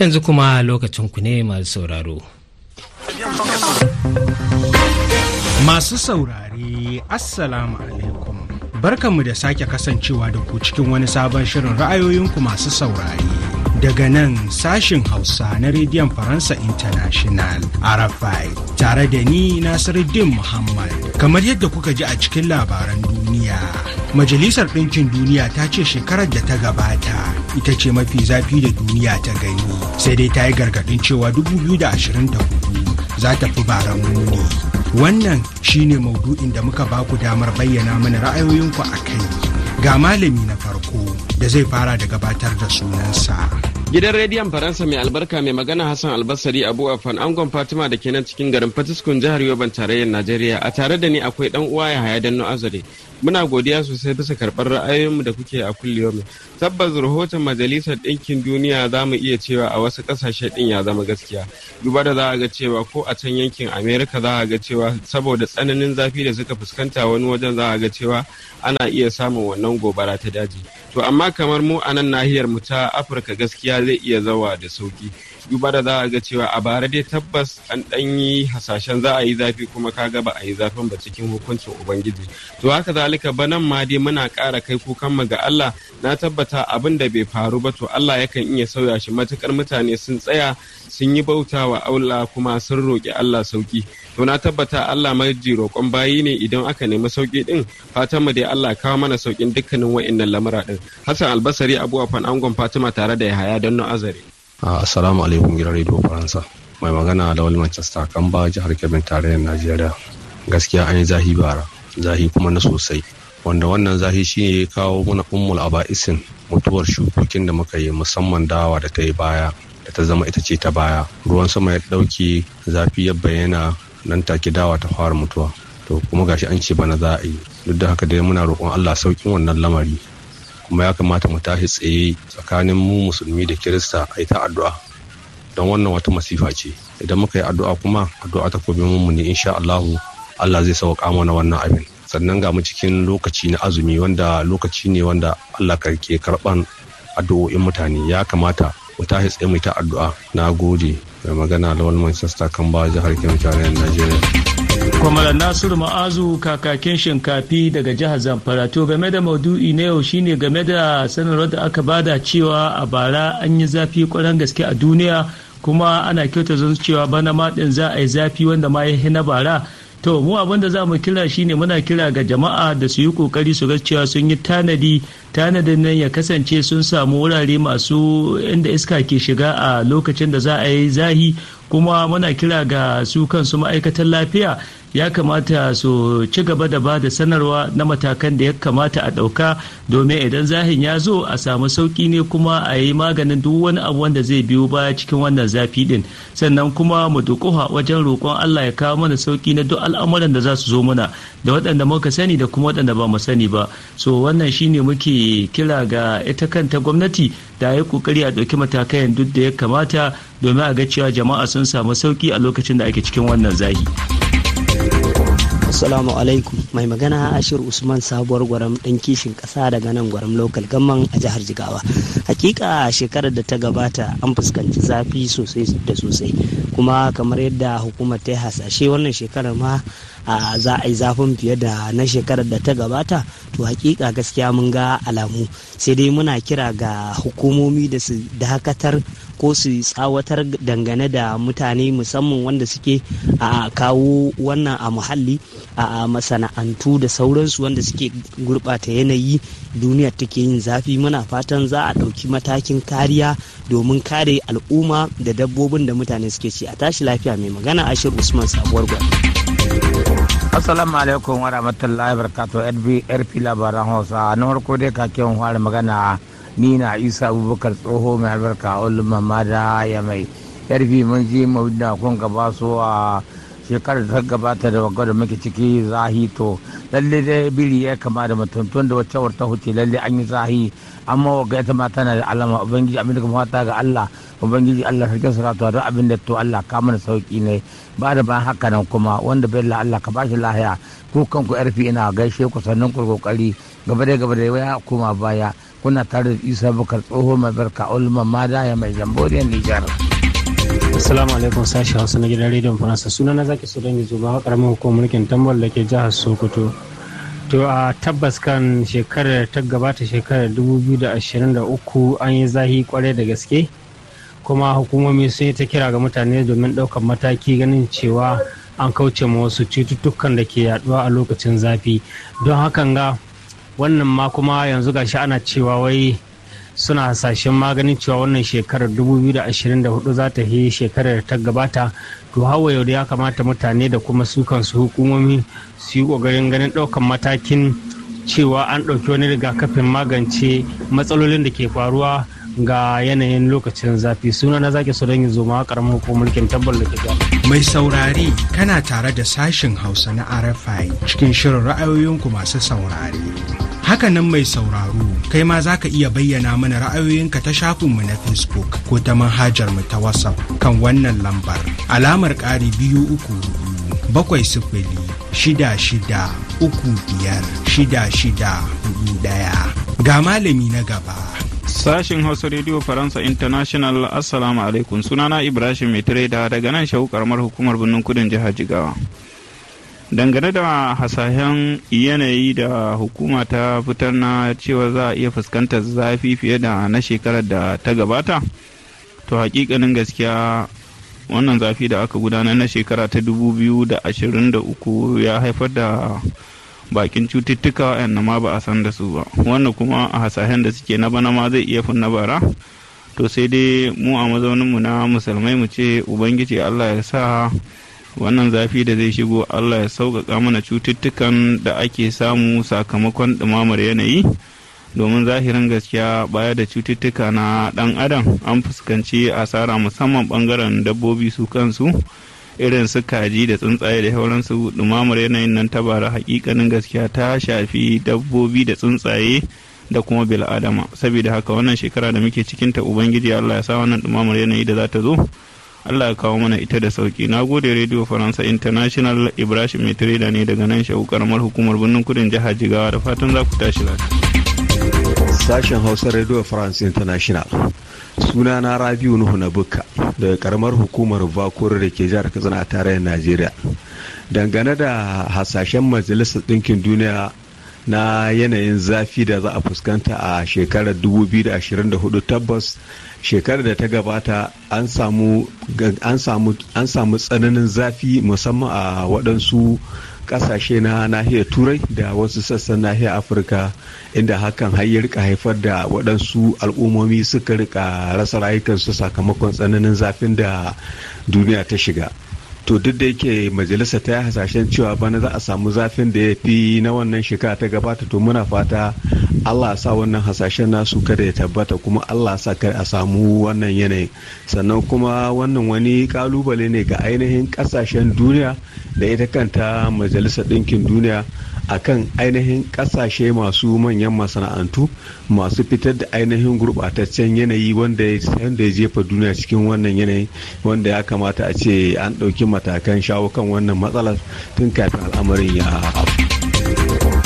yanzu kuma lokacin ku ne masu sauraro masu saurare assalamu alaikum barkanmu da sake kasancewa da ku cikin wani sabon shirin ra'ayoyinku masu saurare daga nan sashin Hausa na rediyon Faransa International RFI tare da ni Nasiruddin Muhammad. Kamar yadda kuka ji a cikin labaran duniya, Majalisar Ɗinkin Duniya ta ce shekarar da ta gabata ita ce mafi zafi da duniya ta gani, sai dai ta yi gargaɗin cewa 2024 za ta fi baran muni. Wannan shine maudu'in da muka baku damar bayyana mana ra'ayoyinku a kai. ga malami na farko da zai fara da gabatar da sunansa. Gidan rediyon Faransa mai albarka mai magana Hassan Albasari Abu Afan angon Fatima da ke kenan cikin garin Fatiskun jihar Yoban tarayyar Najeriya a tare da ni akwai dan uwa ya haya Danno Azare. Muna godiya sosai bisa karɓar ra'ayoyinmu da kuke a kulliyomi. Tabbas rahoton Majalisar Dinkin Duniya za mu iya cewa a wasu ƙasashe ɗin ya zama gaskiya. Duba da za a ga cewa ko a can yankin Amerika za a ga cewa saboda tsananin zafi da suka fuskanta wani wajen za a ga cewa ana iya samun wannan gobara ta daji. To amma kamar mu a nan nahiyar mu ta Afirka gaskiya gida zai iya zawa da sauƙi. duba da za a ga cewa a bara dai tabbas an dan yi hasashen za a yi zafi kuma kaga ba a yi zafin ba cikin hukuncin ubangiji to haka zalika nan ma dai muna kara kai kukan mu ga Allah na tabbata abin da bai faru ba to Allah yakan iya sauya shi matukar mutane sun tsaya sun yi bauta wa Allah kuma sun roƙi Allah sauki to na tabbata Allah maji roƙon bayi ne idan aka nemi sauki din fatan mu dai Allah kawo mana saukin dukkanin wa'annan lamura din Hassan Albasari Abu Afan Angon Fatima tare da Yahaya Danno Azare Ah, assalamu alaikum gidan Radio Faransa. Mai magana da wal Manchester Kamba jihar Kebbi tarayyar Najeriya. Gaskiya an yi zahi bara, zahi kuma na sosai. Wanda wannan zahi shi ne kawo mana ummul aba'isin mutuwar shukokin da muka yi musamman dawa da ta yi baya da ta zama ita ce ta baya. Ruwan sama ya ɗauke zafi ya bayyana nan take dawa ta fara mutuwa. To kuma gashi an ce bana za a yi. Duk da haka dai muna roƙon Allah sauƙin wannan lamari. kuma ya kamata mu tashi tsaye tsakanin mu musulmi da kirista a ta addu'a don wannan wata masifa ce idan muka yi addu'a kuma addu'a ta kobe mu ne insha Allah Allah zai sauka mana wannan abin sannan ga mu cikin lokaci na azumi wanda lokaci ne wanda Allah ke karban addu'o'in mutane ya kamata mu tashi tsaye mu ta addu'a na gode mai magana lawal manchester kan ba jihar kebbi na najeriya kwamarar nasiru ma'azu kakakin shinkafi daga jihar zamfara to game da maudu'i na yau shine game da sanarwar da aka bada cewa a bara an yi zafi kwaran gaske a duniya kuma ana kyauta zan cewa bana maɗin din za a yi zafi wanda ma ya na bara to mu abin da za mu kira shine muna kira ga jama'a da su yi kokari su ga cewa sun yi tanadi tanadin nan ya kasance sun samu wurare masu inda iska ke shiga a lokacin da za a yi zahi kuma muna kira ga su kansu ma'aikatan lafiya ya kamata su ci gaba da ba da sanarwa na matakan da ya kamata a ɗauka domin idan zahin ya zo a samu sauƙi ne kuma a yi maganin duk wani abu wanda zai biyo baya cikin wannan zafi ɗin sannan kuma mu dukuha wajen roƙon Allah ya kawo mana sauƙi na duk al'amuran da za su zo muna da waɗanda muka sani da kuma waɗanda ba mu sani ba so wannan shine muke kira ga ita kanta gwamnati da ya kokari a ɗauki matakan duk da ya kamata domin a ga cewa jama'a sun samu sauki a lokacin da ake cikin wannan zahi. Assalamu alaikum mai magana ashir usman sabuwar gwaram dan kishin ƙasa daga nan gwaram lokal gamman a jihar jigawa hakika shekarar da ta gabata an fuskanci zafi sosai da sosai kuma kamar yadda hukumar ta hasashe wannan shekarar ma za a yi zafin fiye da na shekarar da ta gabata to hakika gaskiya mun ga alamu sai dai muna kira ga hukumomi da su dakatar ko su tsawatar dangane da mutane musamman wanda suke a kawo wannan a muhalli a masana'antu da sauransu wanda suke gurɓata yanayi duniyar take yin zafi muna fatan za a ɗauki matakin kariya domin kare al'umma da dabbobin da mutane suke ci a tashi lafiya mai magana ashir usman sabuwar gwal. assalamu alaikum wa rahmatullahi barakatuh rp labaran hausa na farko dai kakin hwari magana ni na isa abubakar tsoho mai albarka a mamada ya mai yarfi mun je da kun gaba so a shekarar ta gabata da wagga da muke ciki zahi to lalle da biri ya kama da mutuntun da wacce warta huce lalle an yi zahi amma waga ita ma tana da alama ubangiji abin da kuma ta ga Allah ubangiji Allah sarkin saratu don abin da to Allah ka mana sauki ne ba da ban haka nan kuma wanda bai Allah ka bashi lahiya ku kanku yarfi ina gaishe ku sannan ku kokari gaba da gaba da ya kuma baya kuna tare da isa bukar tsoho mai barka ulma mada ya mai jamboriyar nijar Assalamu alaikum sashi Hausa na gidan rediyon Faransa suna na zaki so dangi zuba karamin hukumar mulkin tambal da ke jihar Sokoto. To a tabbas kan shekarar ta gabata shekarar 2023 an yi zahi kwarai da gaske kuma hukumomi sun yi ta kira ga mutane domin ɗaukar mataki ganin cewa an kauce ma wasu cututtukan da ke yaduwa a lokacin zafi don hakan ga wannan ma kuma yanzu gashi ana cewa wai suna hasashen maganin cewa wannan shekarar 2024 za ta yi shekarar ta gabata to hawa yau da ya kamata mutane da kuma sukan su kansu hukumomi su yi kokarin ganin daukan matakin cewa an ɗauki wani rigakafin magance matsalolin da ke faruwa ga yanayin lokacin zafi suna na zaki don yi zoma karamin hukumar mulkin tabbar da mai saurari kana tare da sashin hausa na rfi cikin shirin ra'ayoyinku masu saurari Hakanan mai sauraro, kai ma za ka iya bayyana mana ra'ayoyinka ta shafinmu na Facebook ko ta manhajar mu ta WhatsApp kan wannan lambar. Alamar ƙari biyu uku bakwai sifili shida shida uku biyar shida shida hudu ɗaya. Ga malami na gaba. Sashin Hausa Radio Faransa International Assalamu alaikum sunana Ibrahim da daga nan shahu karamar hukumar birnin kudin jihar Jigawa. dangane da hasahen yanayi da hukuma ta fitar na cewa za a iya fuskantar zafi fiye da na shekarar da ta gabata to hakikanin gaskiya wannan zafi da aka gudanar na shekara ta 2023 ya haifar da bakin cututtuka wa'anda ma ba a san da su ba wannan kuma a hasashen da suke na bana ma zai iya na bara to sai dai mu a mazauninmu na musulmai mu ce ubangiji allah ya sa wannan zafi da zai shigo allah ya sauƙaƙa mana cututtukan da ake samu sakamakon ɗumamar yanayi domin zahirin gaskiya baya da cututtuka na ɗan adam an fuskanci asara musamman ɓangaren dabbobi su kansu irin su kaji da tsuntsaye da sauransu ɗumamar yanayin nan ta bara haƙiƙanin gaskiya ta shafi dabbobi da tsuntsaye da kuma bil'adama saboda haka wannan shekara da muke cikinta ubangiji allah ya sa wannan ɗumamar yanayi da za ta zo Allah ya kawo mana ita da sauki na gode radio faransa international ibrahim da ne daga nan shagu karamar hukumar birnin kudin jihar jigawa da fatan za ku tashi lafiya sashen hausa radio france international suna na rabiu nuhu na bukka daga karamar hukumar vakur da ke jihar katsina a tarayyar najeriya dangane da hasashen majalisar ɗinkin duniya na yanayin zafi da za a fuskanta a shekarar 2024 tabbas shekarar da ta gabata an samu tsananin zafi musamman a waɗansu ƙasashe na nahiyar turai da wasu sassan nahiyar afirka inda hakan har ya rika haifar da waɗansu al'ummomi suka rika rasa rayukansu sakamakon tsananin zafin da duniya ta shiga to duk da yake majalisa ta yi hasashen cewa bana za a samu zafin da ya fi na wannan shekara ta gabata to muna fata allah sa wannan hasashen nasu kada ya tabbata kuma allah sa kada a samu wannan yanayin sannan kuma wannan wani kalubale ne ga ainihin kasashen duniya da ita kanta majalisa ɗinkin duniya akan ainihin kasashe masu manyan masana'antu masu fitar da ainihin gurbataccen yanayi wanda ya jefa duniya cikin wannan yanayi wanda ya kamata a ce an ɗauki matakan shawo kan wannan matsalar tun kafin al'amarin ya hau.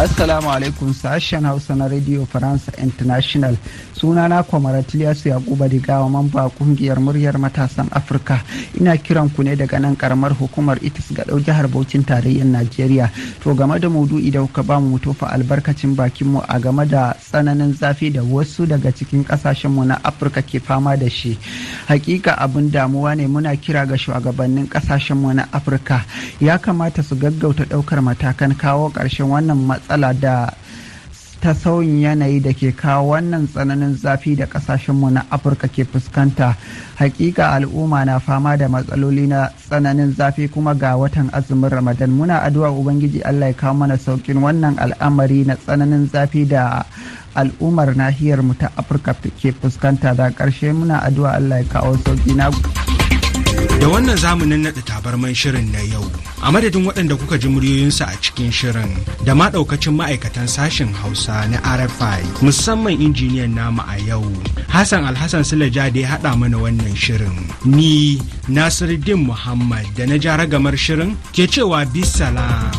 Assalamu alaikum sashen Hausa na Radio France International. Suna na Kwamaratiliyasu Yakuba Digawa mamba ƙungiyar muryar matasan Afirka. Ina kiran ku ne daga nan karamar hukumar ITIS ga ɗau jihar Bauchin tarayyar Najeriya. To game da mudu idan kuka bamu mu tofa albarkacin bakin mu a game da tsananin zafi da wasu daga cikin kasashen mu na Afirka ke fama da shi. Hakika abin damuwa ne muna kira ga shugabannin kasashen mu na Afirka. Ya kamata su gaggauta ɗaukar matakan kawo ƙarshen wannan matsala da ta sauyin yanayi da ke kawo wannan tsananin zafi da kasashenmu na afirka ke fuskanta hakika al'umma na fama da matsaloli na tsananin zafi kuma ga watan azumin ramadan muna addu'a ubangiji allah ya kawo mana saukin wannan al'amari na tsananin zafi da al'ummar nahiyar mu ta afirka ke fuskanta da karshe muna addu'a allah ya kawo sauki na da wannan zamanin naɗa tabarman shirin na yau a madadin waɗanda kuka ji muryoyinsu a cikin shirin da maɗaukacin ma'aikatan sashen hausa na rfi musamman injiniyan namu a yau hassan alhassan silaja da ya haɗa mana wannan shirin ni nasiruddin muhammad da na jaragamar shirin ke cewa bisalam